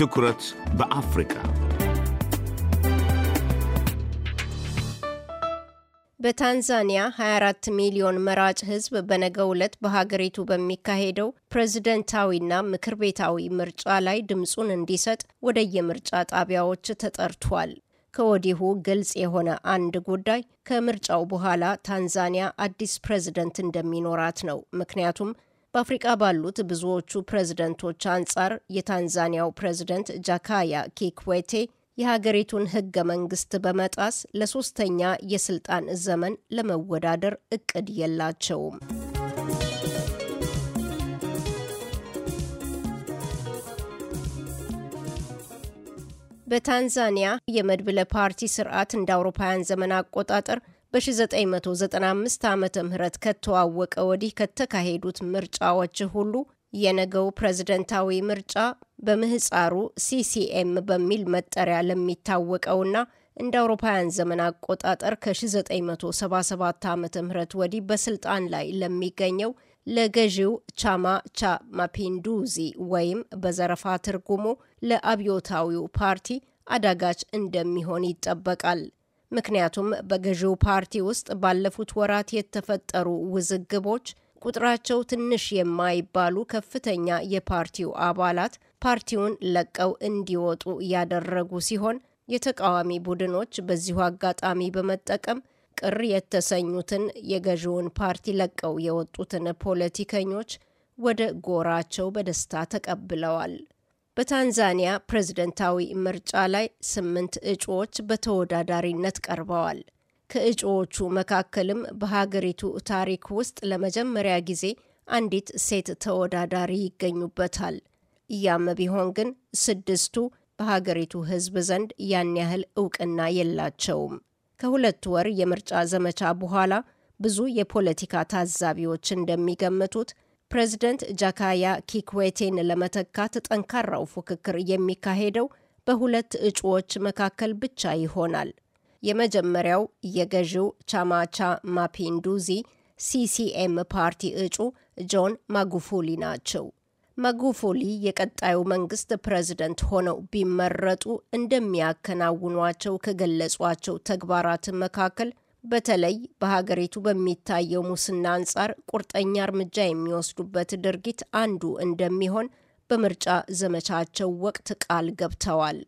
ትኩረት በአፍሪካ በታንዛኒያ 24 ሚሊዮን መራጭ ህዝብ በነገው ዕለት በሀገሪቱ በሚካሄደው ፕሬዝደንታዊና ምክር ቤታዊ ምርጫ ላይ ድምፁን እንዲሰጥ ወደ የምርጫ ጣቢያዎች ተጠርቷል። ከወዲሁ ግልጽ የሆነ አንድ ጉዳይ ከምርጫው በኋላ ታንዛኒያ አዲስ ፕሬዝደንት እንደሚኖራት ነው። ምክንያቱም በአፍሪቃ ባሉት ብዙዎቹ ፕሬዝደንቶች አንጻር የታንዛኒያው ፕሬዝደንት ጃካያ ኪክዌቴ የሀገሪቱን ህገ መንግስት በመጣስ ለሶስተኛ የስልጣን ዘመን ለመወዳደር እቅድ የላቸውም። በታንዛኒያ የመድብለ ፓርቲ ስርዓት እንደ አውሮፓውያን ዘመን አቆጣጠር በ1995 ዓ ም ከተዋወቀ ወዲህ ከተካሄዱት ምርጫዎች ሁሉ የነገው ፕሬዝደንታዊ ምርጫ በምህፃሩ ሲሲኤም በሚል መጠሪያ ለሚታወቀውና እንደ አውሮፓውያን ዘመን አቆጣጠር ከ1977 ዓ ም ወዲህ በስልጣን ላይ ለሚገኘው ለገዢው ቻማ ቻ ማፒንዱዚ ወይም በዘረፋ ትርጉሙ ለአብዮታዊው ፓርቲ አዳጋች እንደሚሆን ይጠበቃል። ምክንያቱም በገዢው ፓርቲ ውስጥ ባለፉት ወራት የተፈጠሩ ውዝግቦች ቁጥራቸው ትንሽ የማይባሉ ከፍተኛ የፓርቲው አባላት ፓርቲውን ለቀው እንዲወጡ ያደረጉ ሲሆን የተቃዋሚ ቡድኖች በዚሁ አጋጣሚ በመጠቀም ቅር የተሰኙትን የገዢውን ፓርቲ ለቀው የወጡትን ፖለቲከኞች ወደ ጎራቸው በደስታ ተቀብለዋል። በታንዛኒያ ፕሬዝደንታዊ ምርጫ ላይ ስምንት እጩዎች በተወዳዳሪነት ቀርበዋል። ከእጩዎቹ መካከልም በሀገሪቱ ታሪክ ውስጥ ለመጀመሪያ ጊዜ አንዲት ሴት ተወዳዳሪ ይገኙበታል። እያም ቢሆን ግን ስድስቱ በሀገሪቱ ሕዝብ ዘንድ ያን ያህል እውቅና የላቸውም። ከሁለት ወር የምርጫ ዘመቻ በኋላ ብዙ የፖለቲካ ታዛቢዎች እንደሚገምቱት ፕሬዚደንት ጃካያ ኪክዌቴን ለመተካት ጠንካራው ፉክክር የሚካሄደው በሁለት እጩዎች መካከል ብቻ ይሆናል። የመጀመሪያው የገዢው ቻማቻ ማፒንዱዚ ሲሲኤም ፓርቲ እጩ ጆን ማጉፉሊ ናቸው። ማጉፉሊ የቀጣዩ መንግስት ፕሬዝደንት ሆነው ቢመረጡ እንደሚያከናውኗቸው ከገለጿቸው ተግባራት መካከል በተለይ በሀገሪቱ በሚታየው ሙስና አንጻር ቁርጠኛ እርምጃ የሚወስዱበት ድርጊት አንዱ እንደሚሆን በምርጫ ዘመቻቸው ወቅት ቃል ገብተዋል።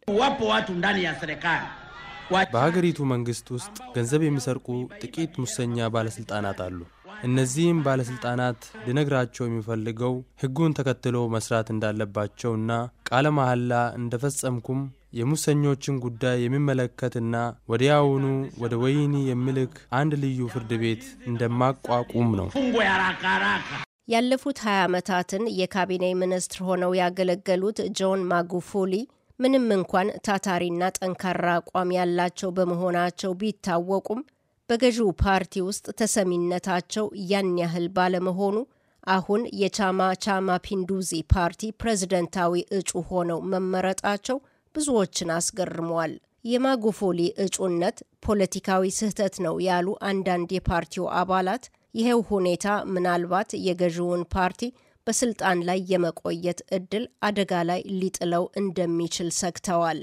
በሀገሪቱ መንግስት ውስጥ ገንዘብ የሚሰርቁ ጥቂት ሙሰኛ ባለስልጣናት አሉ። እነዚህም ባለሥልጣናት ልነግራቸው የሚፈልገው ሕጉን ተከትሎ መሥራት እንዳለባቸውና ቃለ መሐላ ፈጸምኩም የሙሰኞችን ጉዳይ የሚመለከትና ወዲያውኑ ወደ ወይኒ የሚልክ አንድ ልዩ ፍርድ ቤት እንደማቋቁም ነው። ያለፉት 20 ዓመታትን የካቢኔ ሚኒስትር ሆነው ያገለገሉት ጆን ማጉፉሊ ምንም እንኳን ታታሪና ጠንካራ አቋም ያላቸው በመሆናቸው ቢታወቁም በገዢው ፓርቲ ውስጥ ተሰሚነታቸው ያን ያህል ባለመሆኑ አሁን የቻማ ቻማ ፒንዱዚ ፓርቲ ፕሬዝደንታዊ እጩ ሆነው መመረጣቸው ብዙዎችን አስገርመዋል። የማጉፎሊ እጩነት ፖለቲካዊ ስህተት ነው ያሉ አንዳንድ የፓርቲው አባላት ይሄው ሁኔታ ምናልባት የገዢውን ፓርቲ በስልጣን ላይ የመቆየት እድል አደጋ ላይ ሊጥለው እንደሚችል ሰግተዋል።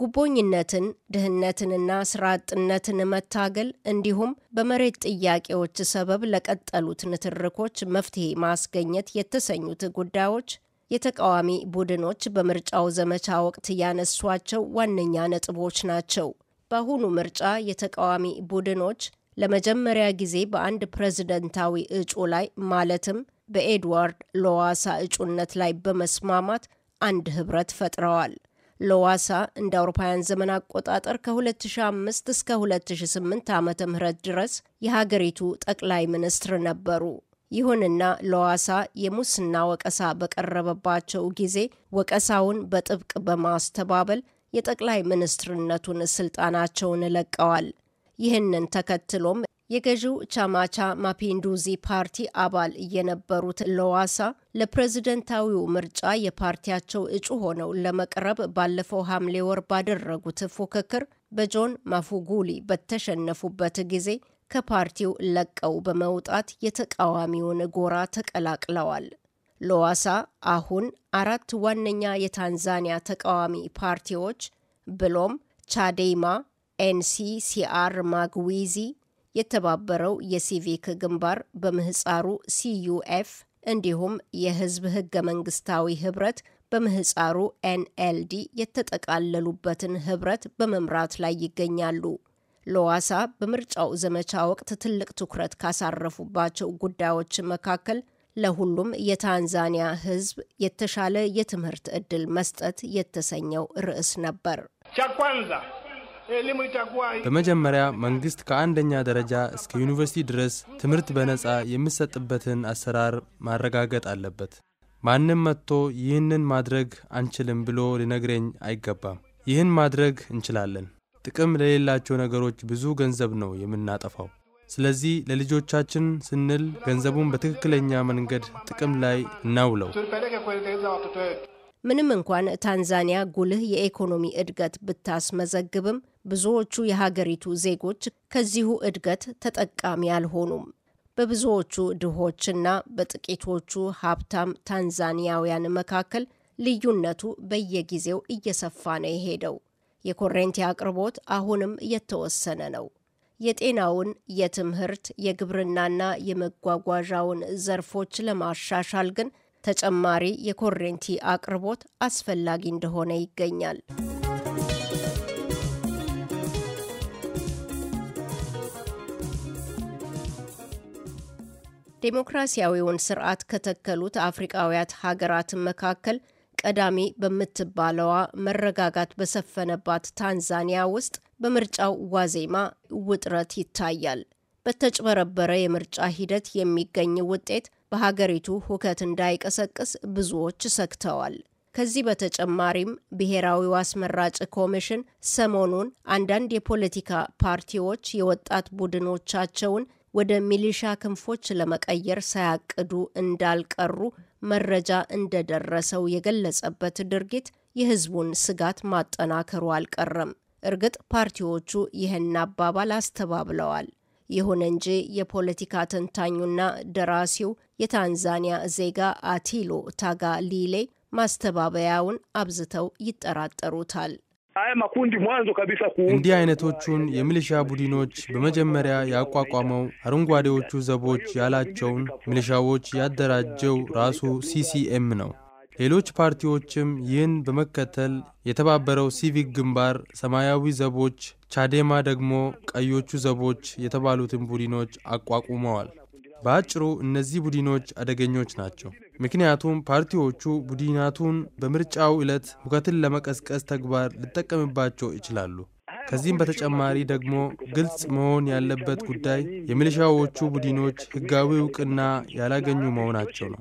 ጉቦኝነትን፣ ድህነትንና ስራ አጥነትን መታገል እንዲሁም በመሬት ጥያቄዎች ሰበብ ለቀጠሉት ንትርኮች መፍትሄ ማስገኘት የተሰኙት ጉዳዮች የተቃዋሚ ቡድኖች በምርጫው ዘመቻ ወቅት ያነሷቸው ዋነኛ ነጥቦች ናቸው። በአሁኑ ምርጫ የተቃዋሚ ቡድኖች ለመጀመሪያ ጊዜ በአንድ ፕሬዝደንታዊ እጩ ላይ ማለትም በኤድዋርድ ሎዋሳ እጩነት ላይ በመስማማት አንድ ህብረት ፈጥረዋል። ሎዋሳ እንደ አውሮፓውያን ዘመን አቆጣጠር ከ2005 እስከ 2008 ዓ ም ድረስ የሀገሪቱ ጠቅላይ ሚኒስትር ነበሩ። ይሁንና ሎዋሳ የሙስና ወቀሳ በቀረበባቸው ጊዜ ወቀሳውን በጥብቅ በማስተባበል የጠቅላይ ሚኒስትርነቱን ስልጣናቸውን ለቀዋል። ይህንን ተከትሎም የገዢው ቻማቻ ማፒንዱዚ ፓርቲ አባል የነበሩት ሎዋሳ ለፕሬዝደንታዊው ምርጫ የፓርቲያቸው እጩ ሆነው ለመቅረብ ባለፈው ሐምሌ ወር ባደረጉት ፉክክር በጆን ማፉጉሊ በተሸነፉበት ጊዜ ከፓርቲው ለቀው በመውጣት የተቃዋሚውን ጎራ ተቀላቅለዋል። ሎዋሳ አሁን አራት ዋነኛ የታንዛኒያ ተቃዋሚ ፓርቲዎች ብሎም ቻዴማ፣ ኤንሲሲአር ማግዊዚ የተባበረው የሲቪክ ግንባር በምህፃሩ ሲዩኤፍ እንዲሁም የህዝብ ህገ መንግስታዊ ህብረት በምህፃሩ ኤንኤልዲ የተጠቃለሉበትን ህብረት በመምራት ላይ ይገኛሉ። ሎዋሳ በምርጫው ዘመቻ ወቅት ትልቅ ትኩረት ካሳረፉባቸው ጉዳዮች መካከል ለሁሉም የታንዛኒያ ህዝብ የተሻለ የትምህርት ዕድል መስጠት የተሰኘው ርዕስ ነበር። በመጀመሪያ መንግስት ከአንደኛ ደረጃ እስከ ዩኒቨርሲቲ ድረስ ትምህርት በነጻ የሚሰጥበትን አሰራር ማረጋገጥ አለበት። ማንም መጥቶ ይህንን ማድረግ አንችልም ብሎ ሊነግረኝ አይገባም። ይህን ማድረግ እንችላለን። ጥቅም ለሌላቸው ነገሮች ብዙ ገንዘብ ነው የምናጠፋው። ስለዚህ ለልጆቻችን ስንል ገንዘቡን በትክክለኛ መንገድ ጥቅም ላይ እናውለው። ምንም እንኳን ታንዛኒያ ጉልህ የኢኮኖሚ እድገት ብታስመዘግብም ብዙዎቹ የሀገሪቱ ዜጎች ከዚሁ እድገት ተጠቃሚ አልሆኑም። በብዙዎቹ ድሆችና በጥቂቶቹ ሀብታም ታንዛኒያውያን መካከል ልዩነቱ በየጊዜው እየሰፋ ነው የሄደው። የኮሬንቲ አቅርቦት አሁንም እየተወሰነ ነው። የጤናውን፣ የትምህርት፣ የግብርናና የመጓጓዣውን ዘርፎች ለማሻሻል ግን ተጨማሪ የኮሬንቲ አቅርቦት አስፈላጊ እንደሆነ ይገኛል። ዴሞክራሲያዊውን ስርዓት ከተከሉት አፍሪቃውያት ሀገራት መካከል ቀዳሚ በምትባለዋ መረጋጋት በሰፈነባት ታንዛኒያ ውስጥ በምርጫው ዋዜማ ውጥረት ይታያል። በተጭበረበረ የምርጫ ሂደት የሚገኝ ውጤት በሀገሪቱ ሁከት እንዳይቀሰቅስ ብዙዎች ሰግተዋል። ከዚህ በተጨማሪም ብሔራዊው አስመራጭ ኮሚሽን ሰሞኑን አንዳንድ የፖለቲካ ፓርቲዎች የወጣት ቡድኖቻቸውን ወደ ሚሊሻ ክንፎች ለመቀየር ሳያቅዱ እንዳልቀሩ መረጃ እንደደረሰው የገለጸበት ድርጊት የህዝቡን ስጋት ማጠናከሩ አልቀረም። እርግጥ ፓርቲዎቹ ይህን አባባል አስተባብለዋል። ይሁን እንጂ የፖለቲካ ተንታኙና ደራሲው የታንዛኒያ ዜጋ አቲሎ ታጋሊሌ ማስተባበያውን አብዝተው ይጠራጠሩታል። ሀያ ማኩንዲ ሟንዞ ከቢሳ እንዲህ አይነቶቹን የሚሊሻ ቡድኖች በመጀመሪያ ያቋቋመው አረንጓዴዎቹ ዘቦች ያላቸውን ሚሊሻዎች ያደራጀው ራሱ ሲሲኤም ነው። ሌሎች ፓርቲዎችም ይህን በመከተል የተባበረው ሲቪክ ግንባር፣ ሰማያዊ ዘቦች፣ ቻዴማ ደግሞ ቀዮቹ ዘቦች የተባሉትን ቡድኖች አቋቁመዋል። በአጭሩ እነዚህ ቡድኖች አደገኞች ናቸው። ምክንያቱም ፓርቲዎቹ ቡድናቱን በምርጫው ዕለት ሁከትን ለመቀስቀስ ተግባር ሊጠቀምባቸው ይችላሉ። ከዚህም በተጨማሪ ደግሞ ግልጽ መሆን ያለበት ጉዳይ የሚሊሻዎቹ ቡድኖች ሕጋዊ እውቅና ያላገኙ መሆናቸው ነው።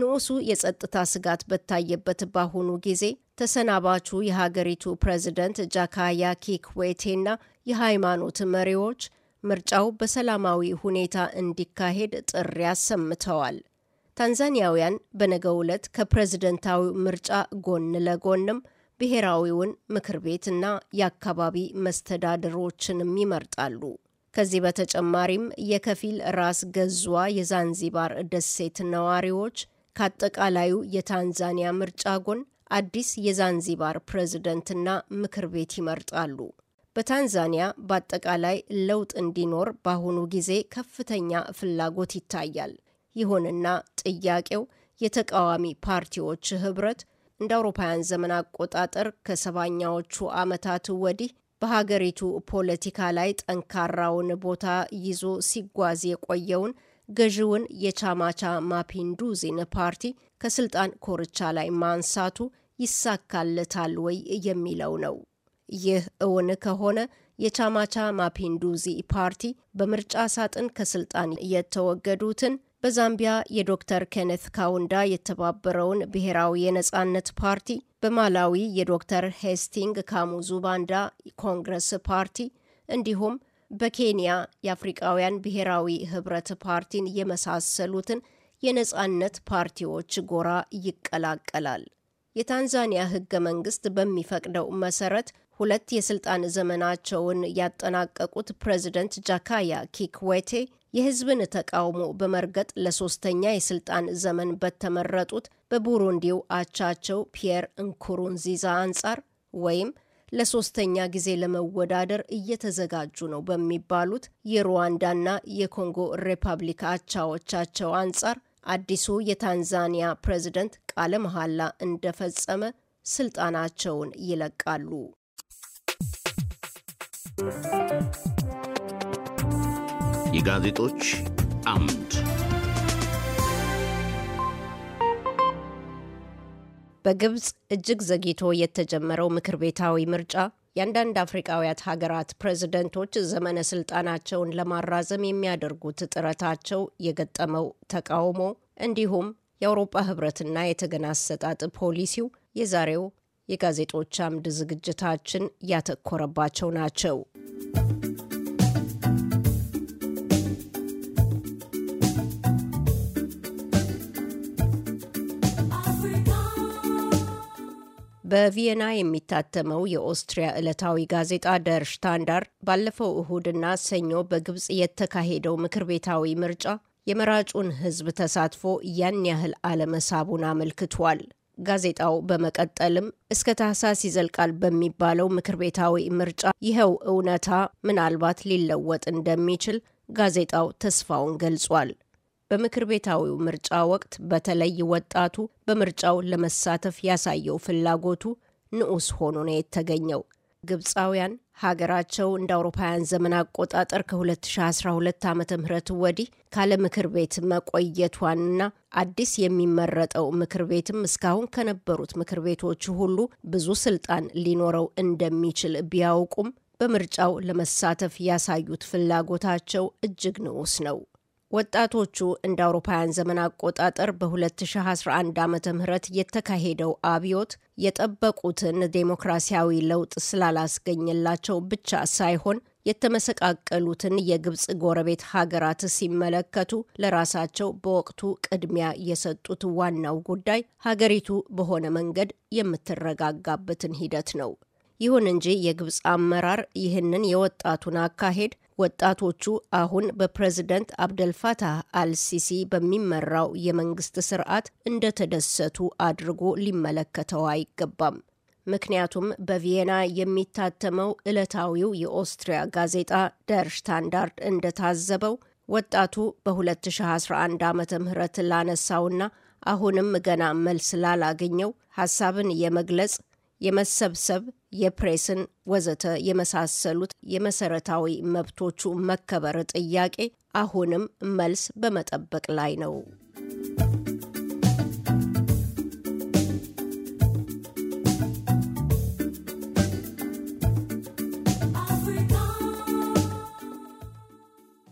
ንዑሱ የጸጥታ ስጋት በታየበት በአሁኑ ጊዜ ተሰናባቹ የሀገሪቱ ፕሬዝደንት ጃካያ ኪክዌቴና የሃይማኖት መሪዎች ምርጫው በሰላማዊ ሁኔታ እንዲካሄድ ጥሪ አሰምተዋል። ታንዛኒያውያን በነገው ዕለት ከፕሬዝደንታዊ ምርጫ ጎን ለጎንም ብሔራዊውን ምክር ቤትና የአካባቢ መስተዳድሮችንም ይመርጣሉ። ከዚህ በተጨማሪም የከፊል ራስ ገዟ የዛንዚባር ደሴት ነዋሪዎች ከአጠቃላዩ የታንዛኒያ ምርጫ ጎን አዲስ የዛንዚባር ፕሬዝደንትና ምክር ቤት ይመርጣሉ። በታንዛኒያ በአጠቃላይ ለውጥ እንዲኖር በአሁኑ ጊዜ ከፍተኛ ፍላጎት ይታያል። ይሁንና ጥያቄው የተቃዋሚ ፓርቲዎች ህብረት እንደ አውሮፓውያን ዘመን አቆጣጠር ከሰባኛዎቹ ዓመታት ወዲህ በሀገሪቱ ፖለቲካ ላይ ጠንካራውን ቦታ ይዞ ሲጓዝ የቆየውን ገዢውን የቻማቻ ማፒንዱዚን ፓርቲ ከስልጣን ኮርቻ ላይ ማንሳቱ ይሳካለታል ወይ የሚለው ነው። ይህ እውን ከሆነ የቻማቻ ማፒንዱዚ ፓርቲ በምርጫ ሳጥን ከስልጣን የተወገዱትን በዛምቢያ የዶክተር ኬኔት ካውንዳ የተባበረውን ብሔራዊ የነጻነት ፓርቲ፣ በማላዊ የዶክተር ሄስቲንግ ካሙዙ ባንዳ ኮንግረስ ፓርቲ እንዲሁም በኬንያ የአፍሪቃውያን ብሔራዊ ህብረት ፓርቲን የመሳሰሉትን የነጻነት ፓርቲዎች ጎራ ይቀላቀላል። የታንዛኒያ ህገ መንግስት በሚፈቅደው መሰረት ሁለት የስልጣን ዘመናቸውን ያጠናቀቁት ፕሬዚደንት ጃካያ ኪክዌቴ የህዝብን ተቃውሞ በመርገጥ ለሶስተኛ የስልጣን ዘመን በተመረጡት በቡሩንዲው አቻቸው ፒየር እንኩሩንዚዛ አንጻር ወይም ለሶስተኛ ጊዜ ለመወዳደር እየተዘጋጁ ነው በሚባሉት የሩዋንዳና የኮንጎ ሪፐብሊክ አቻዎቻቸው አንጻር አዲሱ የታንዛኒያ ፕሬዝደንት ቃለ መሐላ እንደፈጸመ ስልጣናቸውን ይለቃሉ። የጋዜጦች አምድ በግብፅ እጅግ ዘግይቶ የተጀመረው ምክር ቤታዊ ምርጫ የአንዳንድ አፍሪቃውያት ሀገራት ፕሬዝደንቶች ዘመነ ስልጣናቸውን ለማራዘም የሚያደርጉት ጥረታቸው የገጠመው ተቃውሞ እንዲሁም የአውሮፓ ህብረትና የተገና አሰጣጥ ፖሊሲው የዛሬው የጋዜጦች አምድ ዝግጅታችን ያተኮረባቸው ናቸው። በቪየና የሚታተመው የኦስትሪያ ዕለታዊ ጋዜጣ ደር ሽታንዳር ባለፈው እሁድና ሰኞ በግብፅ የተካሄደው ምክር ቤታዊ ምርጫ የመራጩን ሕዝብ ተሳትፎ ያን ያህል አለመሳቡን አመልክቷል። ጋዜጣው በመቀጠልም እስከ ታህሳስ ይዘልቃል በሚባለው ምክር ቤታዊ ምርጫ ይኸው እውነታ ምናልባት ሊለወጥ እንደሚችል ጋዜጣው ተስፋውን ገልጿል። በምክር ቤታዊው ምርጫ ወቅት በተለይ ወጣቱ በምርጫው ለመሳተፍ ያሳየው ፍላጎቱ ንዑስ ሆኖ ነው የተገኘው። ግብፃውያን ሀገራቸው እንደ አውሮፓውያን ዘመን አቆጣጠር ከ2012 ዓ ም ወዲህ ካለ ምክር ቤት መቆየቷንና አዲስ የሚመረጠው ምክር ቤትም እስካሁን ከነበሩት ምክር ቤቶች ሁሉ ብዙ ስልጣን ሊኖረው እንደሚችል ቢያውቁም በምርጫው ለመሳተፍ ያሳዩት ፍላጎታቸው እጅግ ንዑስ ነው። ወጣቶቹ እንደ አውሮፓውያን ዘመን አቆጣጠር በ2011 ዓ ም የተካሄደው አብዮት የጠበቁትን ዴሞክራሲያዊ ለውጥ ስላላስገኘላቸው ብቻ ሳይሆን የተመሰቃቀሉትን የግብፅ ጎረቤት ሀገራት ሲመለከቱ ለራሳቸው በወቅቱ ቅድሚያ የሰጡት ዋናው ጉዳይ ሀገሪቱ በሆነ መንገድ የምትረጋጋበትን ሂደት ነው። ይሁን እንጂ የግብፅ አመራር ይህንን የወጣቱን አካሄድ ወጣቶቹ አሁን በፕሬዝደንት አብደልፋታህ አልሲሲ በሚመራው የመንግስት ስርዓት እንደተደሰቱ አድርጎ ሊመለከተው አይገባም። ምክንያቱም በቪየና የሚታተመው ዕለታዊው የኦስትሪያ ጋዜጣ ደር ሽታንዳርድ እንደታዘበው ወጣቱ በ2011 ዓ ም ላነሳውና አሁንም ገና መልስ ላላገኘው ሀሳብን የመግለጽ የመሰብሰብ፣ የፕሬስን ወዘተ የመሳሰሉት የመሰረታዊ መብቶቹ መከበር ጥያቄ አሁንም መልስ በመጠበቅ ላይ ነው።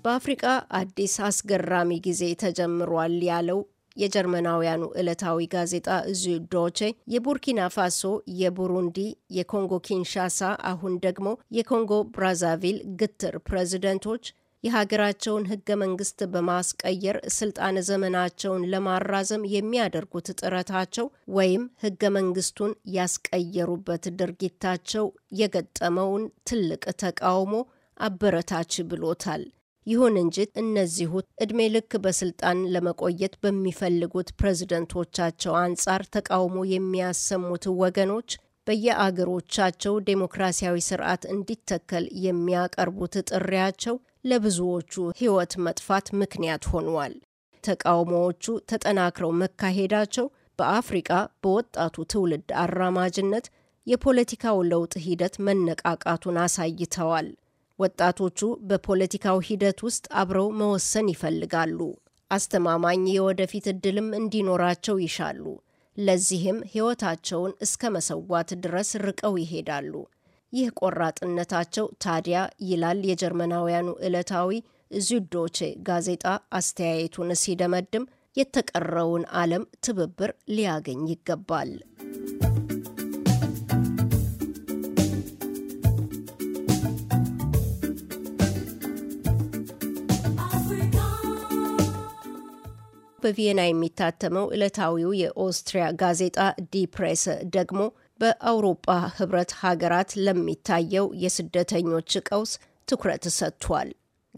በአፍሪቃ አዲስ አስገራሚ ጊዜ ተጀምሯል ያለው የጀርመናውያኑ ዕለታዊ ጋዜጣ ዙ ዶቼ የቡርኪና ፋሶ፣ የቡሩንዲ፣ የኮንጎ ኪንሻሳ አሁን ደግሞ የኮንጎ ብራዛቪል ግትር ፕሬዚደንቶች የሀገራቸውን ህገ መንግስት በማስቀየር ስልጣን ዘመናቸውን ለማራዘም የሚያደርጉት ጥረታቸው ወይም ህገ መንግስቱን ያስቀየሩበት ድርጊታቸው የገጠመውን ትልቅ ተቃውሞ አበረታች ብሎታል። ይሁን እንጂ እነዚሁ እድሜ ልክ በስልጣን ለመቆየት በሚፈልጉት ፕሬዝደንቶቻቸው አንጻር ተቃውሞ የሚያሰሙት ወገኖች በየአገሮቻቸው ዴሞክራሲያዊ ስርዓት እንዲተከል የሚያቀርቡት ጥሪያቸው ለብዙዎቹ ሕይወት መጥፋት ምክንያት ሆኗል። ተቃውሞዎቹ ተጠናክረው መካሄዳቸው በአፍሪቃ በወጣቱ ትውልድ አራማጅነት የፖለቲካው ለውጥ ሂደት መነቃቃቱን አሳይተዋል። ወጣቶቹ በፖለቲካው ሂደት ውስጥ አብረው መወሰን ይፈልጋሉ። አስተማማኝ የወደፊት ዕድልም እንዲኖራቸው ይሻሉ። ለዚህም ሕይወታቸውን እስከ መሰዋት ድረስ ርቀው ይሄዳሉ። ይህ ቆራጥነታቸው ታዲያ ይላል የጀርመናውያኑ ዕለታዊ ዙዶቼ ጋዜጣ አስተያየቱን ሲደመድም የተቀረውን ዓለም ትብብር ሊያገኝ ይገባል። በቪየና የሚታተመው ዕለታዊው የኦስትሪያ ጋዜጣ ዲፕሬስ ደግሞ በአውሮፓ ህብረት ሀገራት ለሚታየው የስደተኞች ቀውስ ትኩረት ሰጥቷል።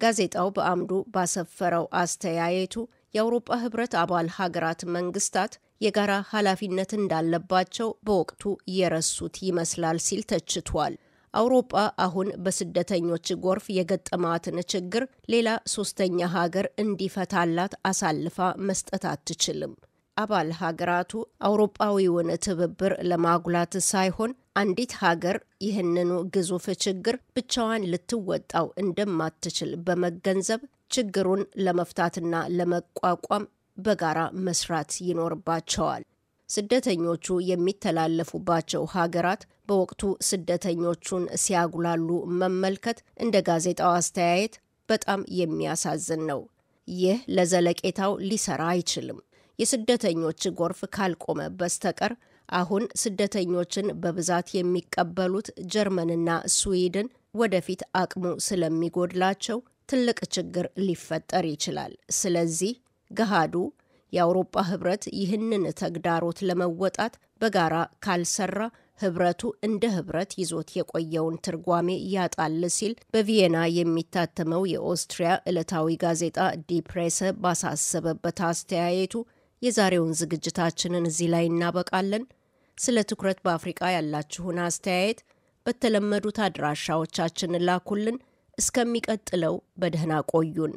ጋዜጣው በአምዱ ባሰፈረው አስተያየቱ የአውሮፓ ህብረት አባል ሀገራት መንግስታት የጋራ ኃላፊነት እንዳለባቸው በወቅቱ የረሱት ይመስላል ሲል ተችቷል። አውሮጳ አሁን በስደተኞች ጎርፍ የገጠማትን ችግር ሌላ ሶስተኛ ሀገር እንዲፈታላት አሳልፋ መስጠት አትችልም። አባል ሀገራቱ አውሮጳዊውን ትብብር ለማጉላት ሳይሆን አንዲት ሀገር ይህንኑ ግዙፍ ችግር ብቻዋን ልትወጣው እንደማትችል በመገንዘብ ችግሩን ለመፍታትና ለመቋቋም በጋራ መስራት ይኖርባቸዋል። ስደተኞቹ የሚተላለፉባቸው ሀገራት በወቅቱ ስደተኞቹን ሲያጉላሉ መመልከት እንደ ጋዜጣው አስተያየት በጣም የሚያሳዝን ነው። ይህ ለዘለቄታው ሊሰራ አይችልም። የስደተኞች ጎርፍ ካልቆመ በስተቀር አሁን ስደተኞችን በብዛት የሚቀበሉት ጀርመንና ስዊድን ወደፊት አቅሙ ስለሚጎድላቸው ትልቅ ችግር ሊፈጠር ይችላል። ስለዚህ ገሃዱ የአውሮፓ ህብረት ይህንን ተግዳሮት ለመወጣት በጋራ ካልሰራ ህብረቱ እንደ ህብረት ይዞት የቆየውን ትርጓሜ ያጣል ሲል በቪየና የሚታተመው የኦስትሪያ ዕለታዊ ጋዜጣ ዲፕሬሰ ባሳሰበበት አስተያየቱ የዛሬውን ዝግጅታችንን እዚህ ላይ እናበቃለን። ስለ ትኩረት በአፍሪቃ ያላችሁን አስተያየት በተለመዱት አድራሻዎቻችን ላኩልን። እስከሚቀጥለው በደህና ቆዩን።